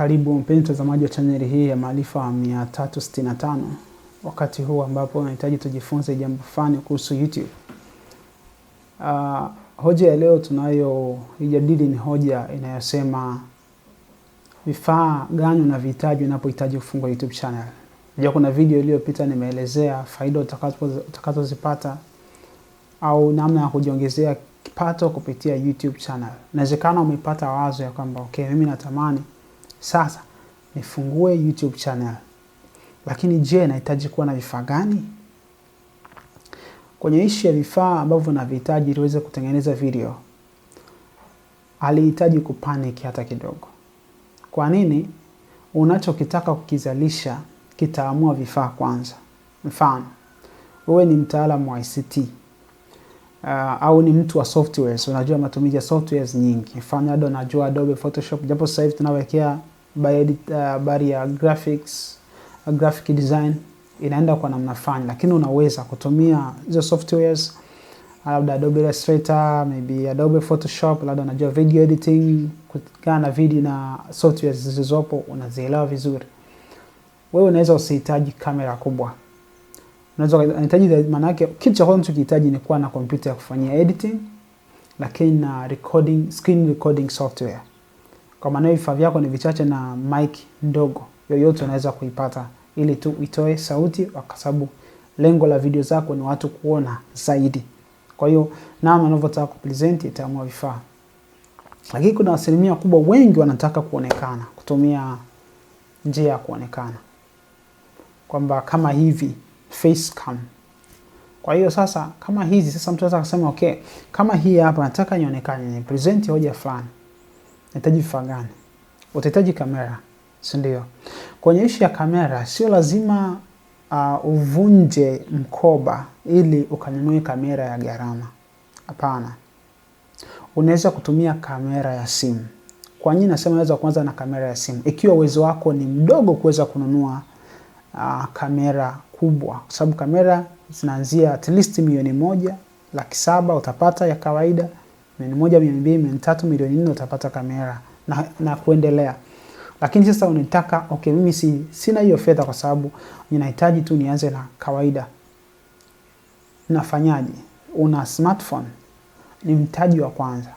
Karibu mpenzi mtazamaji wa chaneli hii ya Maarifa 365. Wakati huu ambapo unahitaji tujifunze jambo fulani kuhusu YouTube. Uh, hoja ya leo tunayo ijadili ni hoja inayosema vifaa gani unavihitaji unapohitaji kufungua YouTube channel. Unajua kuna video iliyopita nimeelezea faida utakazozipata au namna ya kujiongezea kipato kupitia YouTube channel. Inawezekana umepata wazo ya kwamba okay, mimi natamani sasa nifungue YouTube channel, lakini je, nahitaji kuwa na vifaa gani? Kwenye ishu ya vifaa ambavyo navihitaji ili uweze kutengeneza video, alihitaji kupanic hata kidogo. Kwa nini? Unachokitaka kukizalisha kitaamua vifaa kwanza. Mfano, wewe ni mtaalamu wa ICT uh, au ni mtu wa softwares, unajua matumizi ya softwares nyingi. Mfano, ado najua Adobe Photoshop, japo sasa hivi tunawekea by edit, uh, by ya graphics uh, graphic design inaenda kwa namna fulani, lakini unaweza kutumia hizo softwares labda Adobe Illustrator, maybe Adobe Photoshop, labda unajua video editing, kutokana na video na softwares zilizopo unazielewa vizuri. Wewe unaweza usihitaji kamera kubwa, unaweza unahitaji, maana yake kitu cha kwanza unachokihitaji ni kuwa na kompyuta ya kufanyia editing, lakini na recording, screen recording software kwa maana vifaa vyako ni vichache na mic ndogo yoyote unaweza kuipata ili tu itoe sauti, kwa sababu lengo la video zako ni watu kuona zaidi. Kwa hiyo namna unavyotaka kupresent itaamua vifaa. Lakini kuna asilimia kubwa, wengi wanataka kuonekana, kutumia njia ya kuonekana kwamba kama hivi face cam. Kwa hiyo sasa, kama hizi sasa, mtu anaweza kusema okay, kama hii hapa nataka nionekane, ni present hoja fulani nahitaji vifaa gani? Utahitaji kamera, si ndio? Kwenye ishi ya kamera sio lazima uh, uvunje mkoba ili ukanunue kamera ya gharama. Hapana, unaweza kutumia kamera ya simu. Kwa nini nasema unaweza kuanza na kamera ya simu ikiwa uwezo wako ni mdogo kuweza kununua uh, kamera kubwa, kwa sababu kamera zinaanzia at least milioni moja laki saba utapata ya kawaida milioni moja, milioni mbili, milioni tatu, milioni nne utapata kamera na, na kuendelea. Lakini sasa unataka okay, mimi si, sina hiyo fedha kwa sababu ninahitaji tu nianze na kawaida. Nafanyaje? Una smartphone, ni mtaji wa kwanza,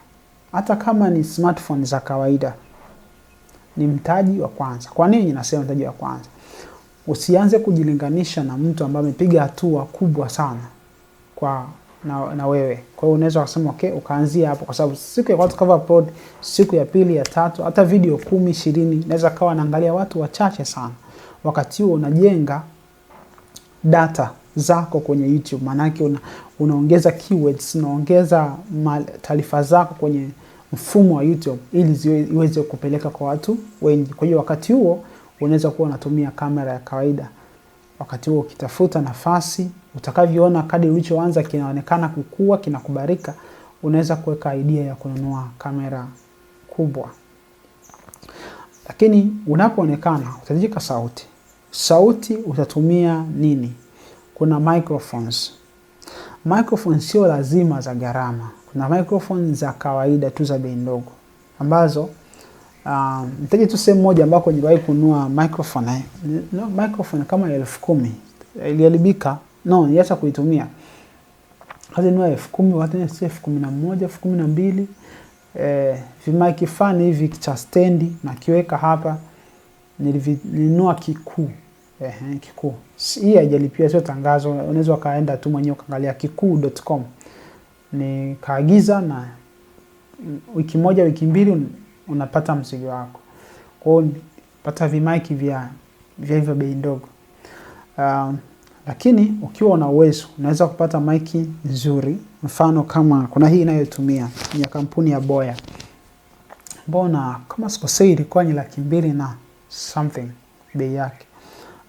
hata kama ni smartphone za kawaida ni mtaji wa kwanza. Kwa nini ninasema mtaji wa kwanza? Usianze kujilinganisha na mtu ambaye amepiga hatua kubwa sana kwa na, na wewe. Kwa hiyo unaweza kusema okay, ukaanzia hapo kwa sababu siku ya kwanza cover upload, siku ya pili, ya tatu, hata video kumi, ishirini naweza kawa naangalia watu wachache sana. Wakati huo unajenga data zako kwenye YouTube, maanake una, unaongeza keywords, unaongeza taarifa zako kwenye mfumo wa YouTube ili iweze kupeleka kwa watu wengi. Kwa hiyo wakati huo unaweza kuwa unatumia kamera ya kawaida wakati huo ukitafuta nafasi, utakavyoona kadi ulichoanza kinaonekana kukua, kinakubarika, unaweza kuweka idea ya kununua kamera kubwa. Lakini unapoonekana utajika sauti. Sauti utatumia nini? Kuna microphones. Microphones sio lazima za gharama. Kuna microphones za kawaida tu za bei ndogo ambazo Um, nitaje tu sehemu moja ambako niliwahi kununua microphone eh. No, microphone kama elfu kumi eh, iliharibika. No, niliacha kuitumia. Kazi nunua elfu kumi wakati ni elfu kumi na moja elfu kumi na mbili eh, vimaiki fani hivi cha stendi na kiweka hapa nilinunua kikuu eh, eh kikuu. Hii haijalipia, sio tangazo, unaweza kaenda tu mwenyewe ukaangalia kikuu.com. Nikaagiza na wiki moja wiki mbili unapata mzigo wako. Kwa hiyo pata vimaiki vya vya hivyo bei ndogo. Uh, lakini ukiwa una uwezo unaweza kupata maiki nzuri, mfano kama kuna hii inayotumia ya kampuni ya Boya. Mbona kama sikosei ilikuwa ni laki mbili na something bei yake.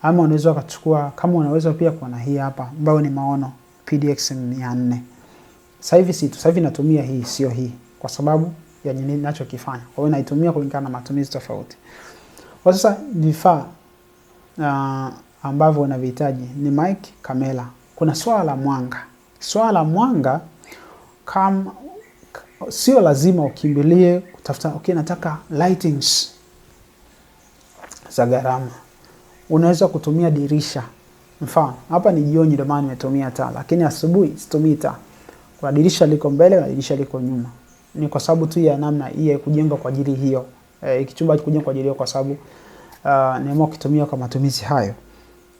Ama unaweza ukachukua kama unaweza pia kuna hii hapa ambayo ni maono PDX 400. Sasa hivi si tu, sasa hivi natumia hii sio hii kwa sababu ya ninachokifanya. Kwa hiyo naitumia kulingana na matumizi tofauti. Kwa sasa vifaa uh, ambavyo unavihitaji ni mic, kamera. Kuna swala la mwanga. Swala la mwanga kam, sio lazima ukimbilie kutafuta, okay, nataka lightings za gharama. Unaweza kutumia dirisha. Mfano, hapa ni jioni ndio maana nimetumia taa, lakini asubuhi situmii taa. Kuna dirisha liko mbele na dirisha liko nyuma ni kwa sababu tu ya namna hii ya kujenga kwa ajili hiyo. eh, kichumba kujenga kwa ajili hiyo kwa sababu uh, nimeamua kutumia kwa matumizi hayo.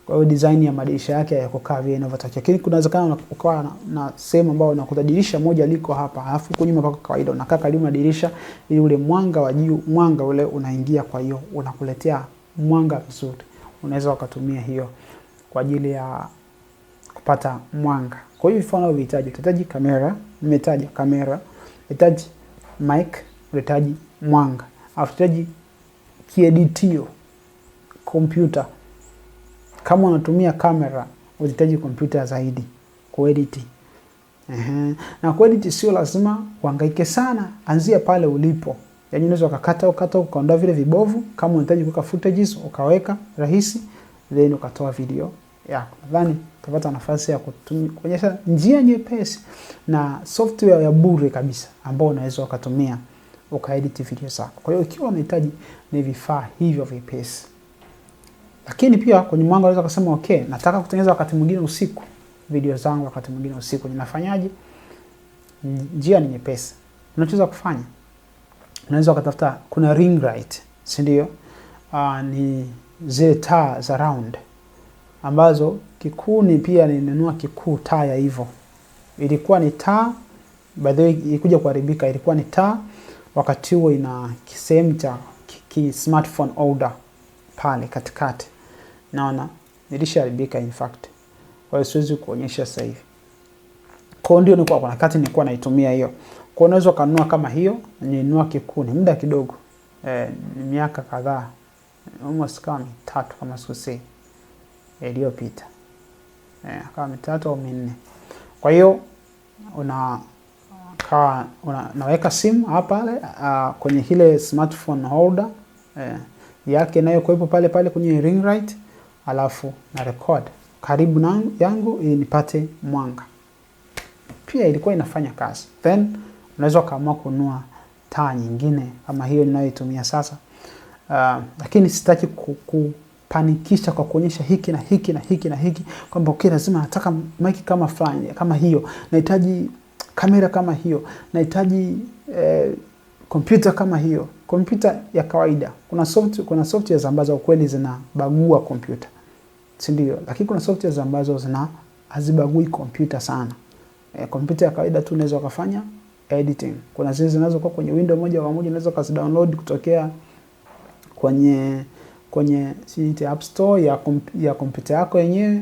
Kwa hiyo design ya madirisha yake hayakukaa vile inavyotakiwa. Lakini kunawezekana ukawa na, na sehemu ambayo unakuta dirisha moja liko hapa, alafu huko nyuma pako kawaida unakaa karibu na dirisha ili ule mwanga wa juu, mwanga ule unaingia, kwa hiyo unakuletea mwanga mzuri. Unaweza ukatumia hiyo kwa ajili ya kupata mwanga. Kwa hiyo vifaa unavyohitaji, utahitaji kamera, nimetaja kamera unahitaji mic, unahitaji mwanga, unahitaji kieditio, kompyuta. Kama unatumia kamera, unahitaji kompyuta zaidi kuediti. Ehe. Na kuediti sio lazima uhangaike sana, anzia pale ulipo. Yaani unaweza ukakata ukata ukaondoa vile vibovu, kama unahitaji kuweka footages ukaweka rahisi, then ukatoa video yako. Nadhani utapata nafasi ya kuonyesha njia nyepesi na software ya bure kabisa ambayo unaweza ukatumia ukaedit video zako. Kwa hiyo ikiwa unahitaji ni vifaa hivyo vyepesi. Lakini pia kwenye mwanga unaweza kusema okay, nataka kutengeneza wakati mwingine usiku video zangu wakati mwingine usiku. Ninafanyaje? Njia ni nyepesi. Unachoweza kufanya unaweza ukatafuta, kuna ring light, si ndio? Uh, ni zile taa za round ambazo kikuu ni pia nilinunua kikuu taa ya hivyo. Ilikuwa ni taa by the way, ilikuja kuharibika. Ilikuwa ni taa wakati huo ina kisehemu cha ki smartphone holder pale katikati, naona ilishaharibika in fact, kwa hiyo siwezi kuonyesha sasa hivi. Kwa hiyo ndio nilikuwa kuna wakati nilikuwa naitumia hiyo. Kwa hiyo unaweza kununua kama hiyo, nilinunua kikuu ni muda kidogo eh, ni miaka kadhaa almost kama mitatu kama sikosei iliyopita eh, kama mitatu au minne. Kwa hiyo una ka una, naweka simu hapa uh, kwenye ile smartphone holder eh, yake inayokuwepo pale pale kwenye ring light, alafu na record karibu na yangu ili nipate mwanga. Pia ilikuwa inafanya kazi. Then unaweza kaamua kunua taa nyingine kama hiyo ninayoitumia sasa uh, lakini sitaki ku kupanikisha kwa kuonyesha hiki na hiki na hiki na hiki kwamba okay, lazima nataka mic kama fulani kama hiyo, nahitaji kamera kama hiyo, nahitaji kompyuta eh, kama hiyo. Kompyuta ya kawaida, kuna soft, kuna softwares ambazo kweli zinabagua kompyuta, si ndio? Lakini kuna softwares ambazo zina hazibagui kompyuta sana. E, eh, kompyuta ya kawaida tu unaweza kufanya editing. Kuna zile zinazokuwa kwenye window moja kwa moja unaweza kuzidownload kutokea kwenye kwenye si app store ya, ya kompyuta yako yenyewe,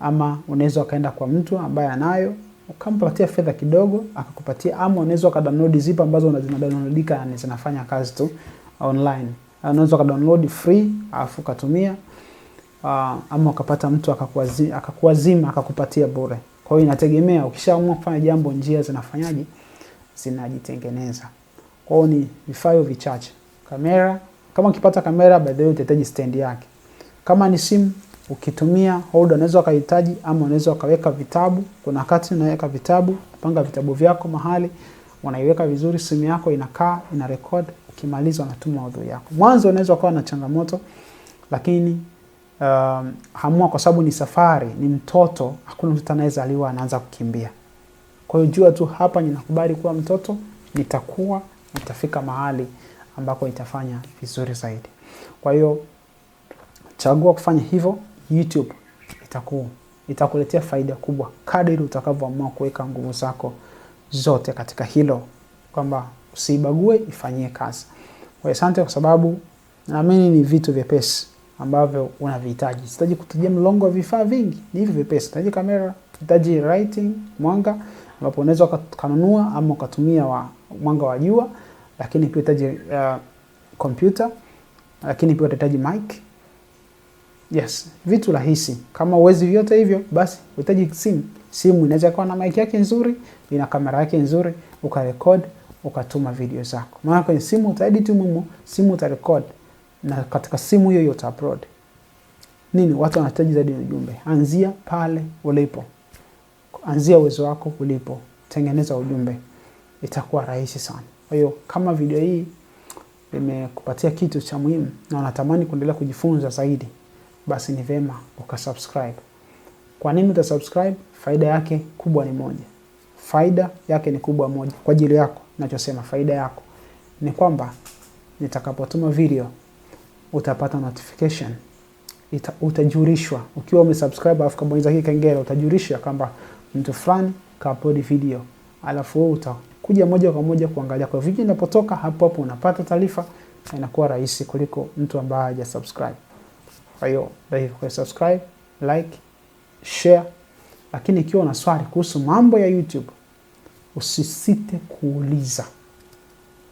ama unaweza ukaenda kwa mtu ambaye anayo ukampatia fedha kidogo akakupatia, ama unaweza ukadownload zipo ambazo zinadownloadika na zinafanya kazi tu online. Unaweza ukadownload free alafu ukatumia uh, ama ukapata mtu akakuazima akakuazima akakupatia bure. Kwa hiyo inategemea, ukishaamua kufanya jambo, njia zinafanyaje, zinajitengeneza. Kwa hiyo ni vifaa vichache: kamera kama ukipata kamera by the way utahitaji stand yake. Kama ni simu ukitumia holder unaweza ukahitaji ama unaweza ukaweka vitabu. Kuna wakati unaweka vitabu, panga vitabu vyako mahali, unaiweka vizuri simu yako inakaa, ina record, ukimaliza unatuma audio yako. Mwanzo unaweza kuwa na changamoto lakini um, hamua kwa sababu ni safari, ni mtoto, hakuna mtoto anayezaliwa anaanza kukimbia. Kwa hiyo jua tu hapa ninakubali kuwa mtoto, nitakuwa nitafika mahali ambako itafanya vizuri zaidi. Kwa hiyo chagua kufanya hivyo, YouTube itaku itakuletea faida kubwa kadiri utakavyoamua kuweka nguvu zako zote katika hilo, kwamba usibague, ifanyie kazi. Kwa asante, kwa sababu naamini ni vitu vyepesi ambavyo unavihitaji. Sitaji kutajia mlongo wa vifaa vingi, ni hivi vyepesi. Sitaji kamera, hitaji lighting, mwanga ambapo unaweza ukanunua ama ukatumia wa mwanga wa jua lakini pia utahitaji kompyuta uh, lakini pia utahitaji mic. Yes, vitu rahisi. Kama uwezi vyote hivyo, basi utahitaji simu. Simu inaweza kuwa na mic yake nzuri, ina kamera yake nzuri, ukarekod ukatuma video zako. Maana kwenye simu utaedit mumo, simu utarekod na katika simu hiyo hiyo utaupload. Nini watu wanahitaji zaidi ni ujumbe. Anzia pale ulipo, anzia uwezo wako ulipo, tengeneza ujumbe, itakuwa rahisi sana. Kwa hiyo kama video hii imekupatia kitu cha muhimu na unatamani kuendelea kujifunza zaidi, basi ni vema ukasubscribe. Kwa nini utasubscribe? Faida yake kubwa ni moja. Faida yake ni kubwa moja kwa ajili yako. Ninachosema faida yako ni kwamba nitakapotuma video utapata notification Ita, utajulishwa ukiwa umesubscribe, alafu kabonyeza hii kengele, utajulishwa kwamba mtu fulani kaupload video, alafu wewe uta kuja moja kwa moja kuangalia. Kwa video inapotoka, hapo hapo unapata taarifa na inakuwa rahisi kuliko mtu ambaye haja subscribe. Kwa hiyo kwa subscribe, like, share. Lakini ikiwa una swali kuhusu mambo ya YouTube usisite kuuliza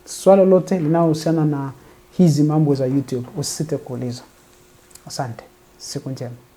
swali lolote linalohusiana na hizi mambo za YouTube, usisite kuuliza. Asante, siku njema.